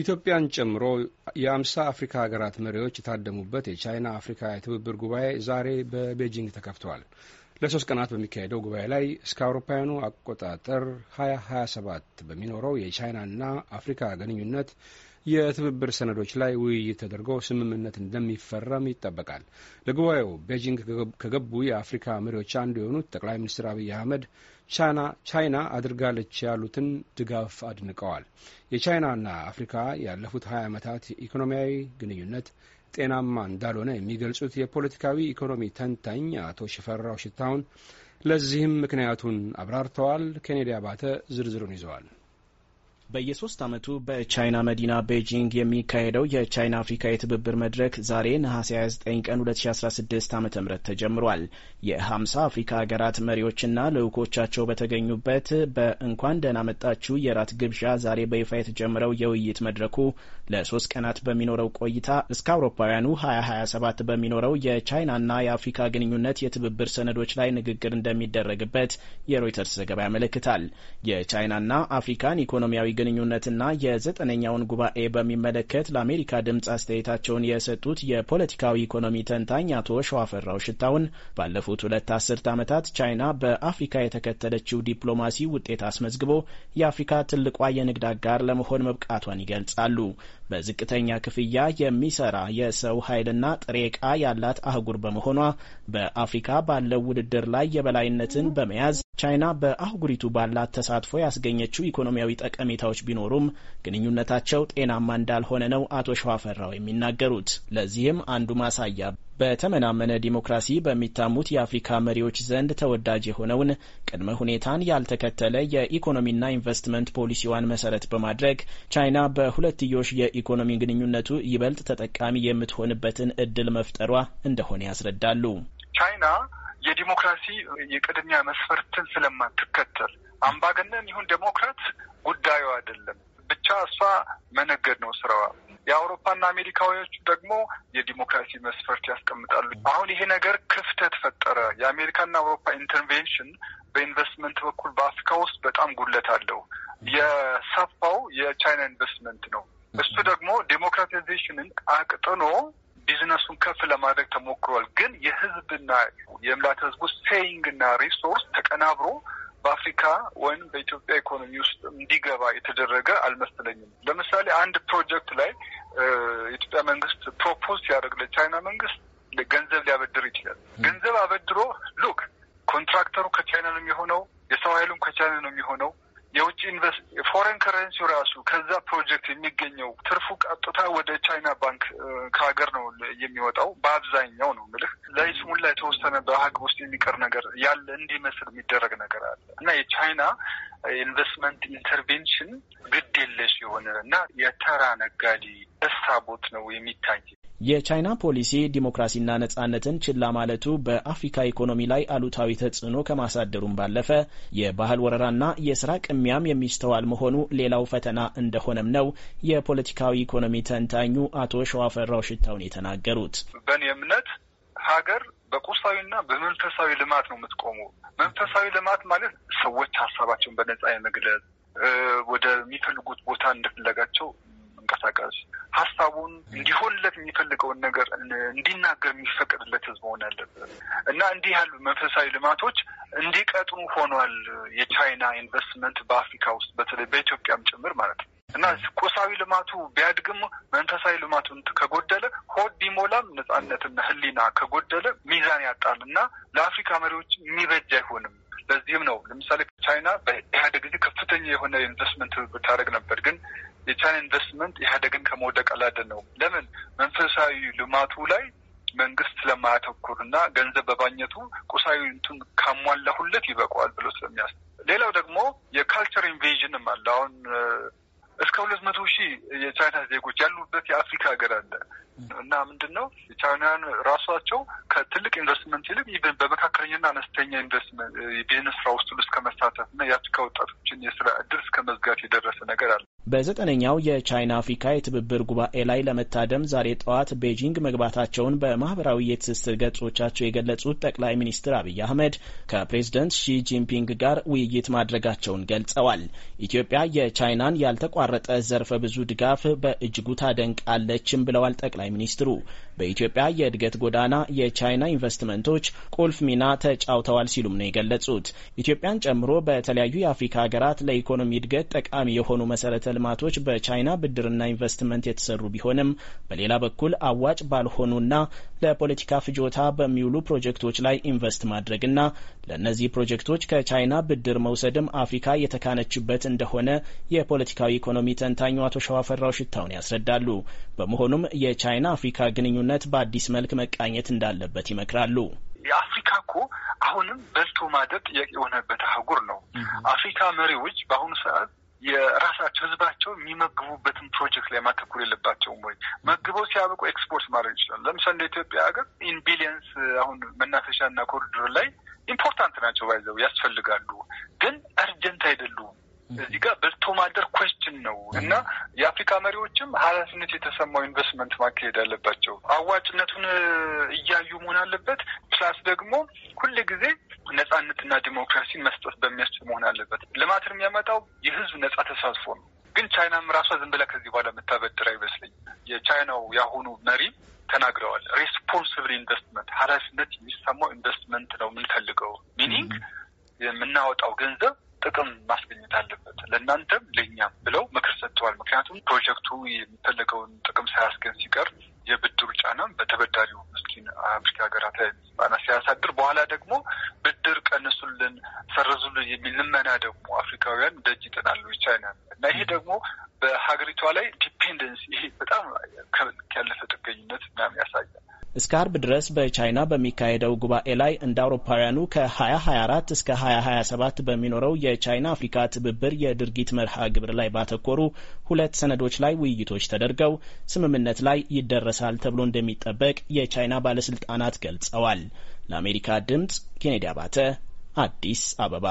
ኢትዮጵያን ጨምሮ የአምሳ አፍሪካ ሀገራት መሪዎች የታደሙበት የቻይና አፍሪካ የትብብር ጉባኤ ዛሬ በቤጂንግ ተከፍተዋል። ለሶስት ቀናት በሚካሄደው ጉባኤ ላይ እስከ አውሮፓውያኑ አቆጣጠር 2027 በሚኖረው የቻይናና አፍሪካ ግንኙነት የትብብር ሰነዶች ላይ ውይይት ተደርጎ ስምምነት እንደሚፈረም ይጠበቃል። ለጉባኤው ቤጂንግ ከገቡ የአፍሪካ መሪዎች አንዱ የሆኑት ጠቅላይ ሚኒስትር አብይ አህመድ ቻይና አድርጋለች ያሉትን ድጋፍ አድንቀዋል። የቻይናና አፍሪካ ያለፉት 20 ዓመታት ኢኮኖሚያዊ ግንኙነት ጤናማ እንዳልሆነ የሚገልጹት የፖለቲካዊ ኢኮኖሚ ተንታኝ አቶ ሽፈራው ሽታውን ለዚህም ምክንያቱን አብራርተዋል። ኬኔዲ አባተ ዝርዝሩን ይዘዋል። በየሶስት ዓመቱ በቻይና መዲና ቤጂንግ የሚካሄደው የቻይና አፍሪካ የትብብር መድረክ ዛሬ ነሐሴ 29 ቀን 2016 ዓ ም ተጀምሯል። የ50 አፍሪካ ሀገራት መሪዎችና ልዑኮቻቸው በተገኙበት በእንኳን ደህና መጣችሁ የራት ግብዣ ዛሬ በይፋ የተጀመረው የውይይት መድረኩ ለሶስት ቀናት በሚኖረው ቆይታ እስከ አውሮፓውያኑ 2027 በሚኖረው የቻይናና የአፍሪካ ግንኙነት የትብብር ሰነዶች ላይ ንግግር እንደሚደረግበት የሮይተርስ ዘገባ ያመለክታል። የቻይናና አፍሪካን ኢኮኖሚያዊ ግንኙነትና የዘጠነኛውን ጉባኤ በሚመለከት ለአሜሪካ ድምፅ አስተያየታቸውን የሰጡት የፖለቲካዊ ኢኮኖሚ ተንታኝ አቶ ሸዋፈራው ሽታውን ባለፉት ሁለት አስርት ዓመታት ቻይና በአፍሪካ የተከተለችው ዲፕሎማሲ ውጤት አስመዝግቦ የአፍሪካ ትልቋ የንግድ አጋር ለመሆን መብቃቷን ይገልጻሉ። በዝቅተኛ ክፍያ የሚሰራ የሰው ኃይልና ጥሬ ዕቃ ያላት አህጉር በመሆኗ በአፍሪካ ባለው ውድድር ላይ የበላይነትን በመያዝ ቻይና በአህጉሪቱ ባላት ተሳትፎ ያስገኘችው ኢኮኖሚያዊ ጠቀሜታዎች ቢኖሩም ግንኙነታቸው ጤናማ እንዳልሆነ ነው አቶ ሸዋፈራው የሚናገሩት። ለዚህም አንዱ ማሳያ በተመናመነ ዲሞክራሲ በሚታሙት የአፍሪካ መሪዎች ዘንድ ተወዳጅ የሆነውን ቅድመ ሁኔታን ያልተከተለ የኢኮኖሚና ኢንቨስትመንት ፖሊሲዋን መሰረት በማድረግ ቻይና በሁለትዮሽ የኢኮኖሚ ግንኙነቱ ይበልጥ ተጠቃሚ የምትሆንበትን እድል መፍጠሯ እንደሆነ ያስረዳሉ። ቻይና የዲሞክራሲ የቅድሚያ መስፈርትን ስለማትከተል አምባገነን ይሁን ዴሞክራት ጉዳዩ አይደለም። እሷ መነገድ ነው ስራዋ። የአውሮፓና አሜሪካዎች ደግሞ የዲሞክራሲ መስፈርት ያስቀምጣሉ። አሁን ይሄ ነገር ክፍተት ፈጠረ። የአሜሪካና አውሮፓ ኢንተርቬንሽን በኢንቨስትመንት በኩል በአፍሪካ ውስጥ በጣም ጉለት አለው። የሰፋው የቻይና ኢንቨስትመንት ነው። እሱ ደግሞ ዴሞክራቲዜሽንን አቅጥኖ ቢዝነሱን ከፍ ለማድረግ ተሞክሯል። ግን የህዝብና የምላተ ህዝቡ ሴይንግና ሪሶርስ ተቀናብሮ በአፍሪካ ወይም በኢትዮጵያ ኢኮኖሚ ውስጥ እንዲገባ የተደረገ አልመስለኝም። ለምሳሌ አንድ ፕሮጀክት ላይ የኢትዮጵያ መንግስት ፕሮፖዝ ሲያደርግ ለቻይና መንግስት ገንዘብ ሊያበድር ይችላል። ገንዘብ አበድሮ ሉክ ኮንትራክተሩ ከቻይና ነው የሚሆነው፣ የሰው ኃይሉም ከቻይና ነው የሚሆነው የውጭ ኢንቨስት ፎሬን ከረንሲው ራሱ ከዛ ፕሮጀክት የሚገኘው ትርፉ ቀጥታ ወደ ቻይና ባንክ ከሀገር ነው የሚወጣው በአብዛኛው ነው ምልህ ለይስሙላ የተወሰነ በሀግ ውስጥ የሚቀር ነገር ያለ እንዲመስል የሚደረግ ነገር አለ እና የቻይና ኢንቨስትመንት ኢንተርቬንሽን ግድ የለሽ የሆነ እና የተራ ነጋዴ ደስታ ቦት ነው የሚታይ የቻይና ፖሊሲ ዲሞክራሲና ነጻነትን ችላ ማለቱ በአፍሪካ ኢኮኖሚ ላይ አሉታዊ ተጽዕኖ ከማሳደሩም ባለፈ የባህል ወረራና የስራ ቅሚያም የሚስተዋል መሆኑ ሌላው ፈተና እንደሆነም ነው የፖለቲካዊ ኢኮኖሚ ተንታኙ አቶ ሸዋፈራው ሽታውን የተናገሩት። በእኔ እምነት ሀገር በቁሳዊና በመንፈሳዊ ልማት ነው የምትቆሙ። መንፈሳዊ ልማት ማለት ሰዎች ሀሳባቸውን በነጻ የመግለጽ ወደሚፈልጉት ቦታ እንደፈለጋቸው እንዲንቀሳቀስ ሀሳቡን እንዲሆንለት የሚፈልገውን ነገር እንዲናገር የሚፈቀድለት ህዝብ መሆን አለበት እና እንዲህ ያሉ መንፈሳዊ ልማቶች እንዲቀጥኑ ሆኗል። የቻይና ኢንቨስትመንት በአፍሪካ ውስጥ በተለይ በኢትዮጵያም ጭምር ማለት ነው እና ቁሳዊ ልማቱ ቢያድግም መንፈሳዊ ልማቱን ከጎደለ ሆድ ቢሞላም ነጻነትና ህሊና ከጎደለ ሚዛን ያጣል እና ለአፍሪካ መሪዎች የሚበጅ አይሆንም። ለዚህም ነው ለምሳሌ ቻይና በኢህአደግ ጊዜ ከፍተኛ የሆነ ኢንቨስትመንት ብታደርግ ነበር ግን የቻይና ኢንቨስትመንት ኢህአደግን ከመውደቅ አላደ ነው። ለምን መንፈሳዊ ልማቱ ላይ መንግስት ስለማያተኩር እና ገንዘብ በማግኘቱ ቁሳዊ እንትን ካሟላሁለት ይበቋል ብሎ ስለሚያስ ሌላው ደግሞ የካልቸር ኢንቬዥንም አለ። አሁን እስከ ሁለት መቶ ሺህ የቻይና ዜጎች ያሉበት የአፍሪካ ሀገር አለ እና ምንድን ነው የቻይናውያን ራሷቸው ከትልቅ ኢንቨስትመንት ይልቅ ኢቨን በመካከለኛና አነስተኛ ኢንቨስትመንት የቢዝነስ ስራ ውስጥ ሁሉ እስከ መሳተፍ እና የአፍሪካ ወጣቶችን የስራ እድል እስከ መዝጋት የደረሰ ነገር አለ። በዘጠነኛው የቻይና አፍሪካ የትብብር ጉባኤ ላይ ለመታደም ዛሬ ጠዋት ቤጂንግ መግባታቸውን በማህበራዊ የትስስር ገጾቻቸው የገለጹት ጠቅላይ ሚኒስትር አብይ አህመድ ከፕሬዝደንት ሺ ጂንፒንግ ጋር ውይይት ማድረጋቸውን ገልጸዋል። ኢትዮጵያ የቻይናን ያልተቋረጠ ዘርፈ ብዙ ድጋፍ በእጅጉ ታደንቃለችም ብለዋል ጠቅላይ ሚኒስትሩ። በኢትዮጵያ የእድገት ጎዳና የቻይና ኢንቨስትመንቶች ቁልፍ ሚና ተጫውተዋል ሲሉም ነው የገለጹት። ኢትዮጵያን ጨምሮ በተለያዩ የአፍሪካ ሀገራት ለኢኮኖሚ እድገት ጠቃሚ የሆኑ መሰረተ ልማቶች በቻይና ብድርና ኢንቨስትመንት የተሰሩ ቢሆንም በሌላ በኩል አዋጭ ባልሆኑና ለፖለቲካ ፍጆታ በሚውሉ ፕሮጀክቶች ላይ ኢንቨስት ማድረግና ለእነዚህ ፕሮጀክቶች ከቻይና ብድር መውሰድም አፍሪካ የተካነችበት እንደሆነ የፖለቲካዊ ኢኮኖሚ ተንታኙ አቶ ሸዋፈራው ሽታውን ያስረዳሉ። በመሆኑም የቻይና አፍሪካ ግንኙነት በአዲስ መልክ መቃኘት እንዳለበት ይመክራሉ። የአፍሪካ እኮ አሁንም በልቶ ማደግ ጥያቄ የሆነበት አህጉር ነው። አፍሪካ መሪዎች በአሁኑ ሰዓት የራሳቸው ህዝባቸው የሚመግቡበትን ፕሮጀክት ላይ ማተኩር የለባቸውም ወይ? መግበው ሲያበቁ ኤክስፖርት ማድረግ ይችላል። ለምሳሌ እንደ ኢትዮጵያ ሀገር ኢን ቢሊየንስ አሁን መናፈሻና ኮሪዶር ላይ ኢምፖርታንት ናቸው፣ ባይዘው ያስፈልጋሉ፣ ግን እርጀንት አይደሉም። እዚህ ጋር በልቶ ማደር ኮስችን ነው እና የአፍሪካ መሪዎችም ኃላፊነት የተሰማው ኢንቨስትመንት ማካሄድ አለባቸው። አዋጭነቱን እያዩ መሆን አለበት። ፕላስ ደግሞ ሁል ጊዜ ነጻነትና ዲሞክራሲን መስጠት በሚያስችል መሆን አለበት። ልማትን የሚያመጣው የህዝብ ነጻ ተሳትፎ ነው። ግን ቻይናም ራሷ ዝም ብላ ከዚህ በኋላ የምታበድር አይመስለኝ። የቻይናው የአሁኑ መሪ ተናግረዋል። ሬስፖንስብል ኢንቨስትመንት፣ ኃላፊነት የሚሰማው ኢንቨስትመንት ነው የምንፈልገው። ሚኒንግ የምናወጣው ገንዘብ ጥቅም ማስገኘት አለበት ለእናንተም ለእኛም ብለው ምክር ሰጥተዋል። ምክንያቱም ፕሮጀክቱ የሚፈለገውን ጥቅም ሳያስገኝ ሲቀር የብድሩ ጫናም በተበዳሪው ምስኪን አፍሪካ ሀገራት ላይ ጫና ሲያሳድር በኋላ ደግሞ ብድር ቀንሱልን፣ ሰረዙልን የሚል ልመና ደግሞ አፍሪካውያን ደጅ ይጥናሉ ቻይና እና ይሄ ደግሞ በሀገሪቷ ላይ ዲፔንደንስ ይሄ በጣም ያለፈ ጥገኝነት ምናምን ያሳያል። እስከ አርብ ድረስ በቻይና በሚካሄደው ጉባኤ ላይ እንደ አውሮፓውያኑ ከ2024 እስከ 2027 በሚኖረው የቻይና አፍሪካ ትብብር የድርጊት መርሃ ግብር ላይ ባተኮሩ ሁለት ሰነዶች ላይ ውይይቶች ተደርገው ስምምነት ላይ ይደረሳል ተብሎ እንደሚጠበቅ የቻይና ባለስልጣናት ገልጸዋል። ለአሜሪካ ድምጽ ኬኔዲ አባተ አዲስ አበባ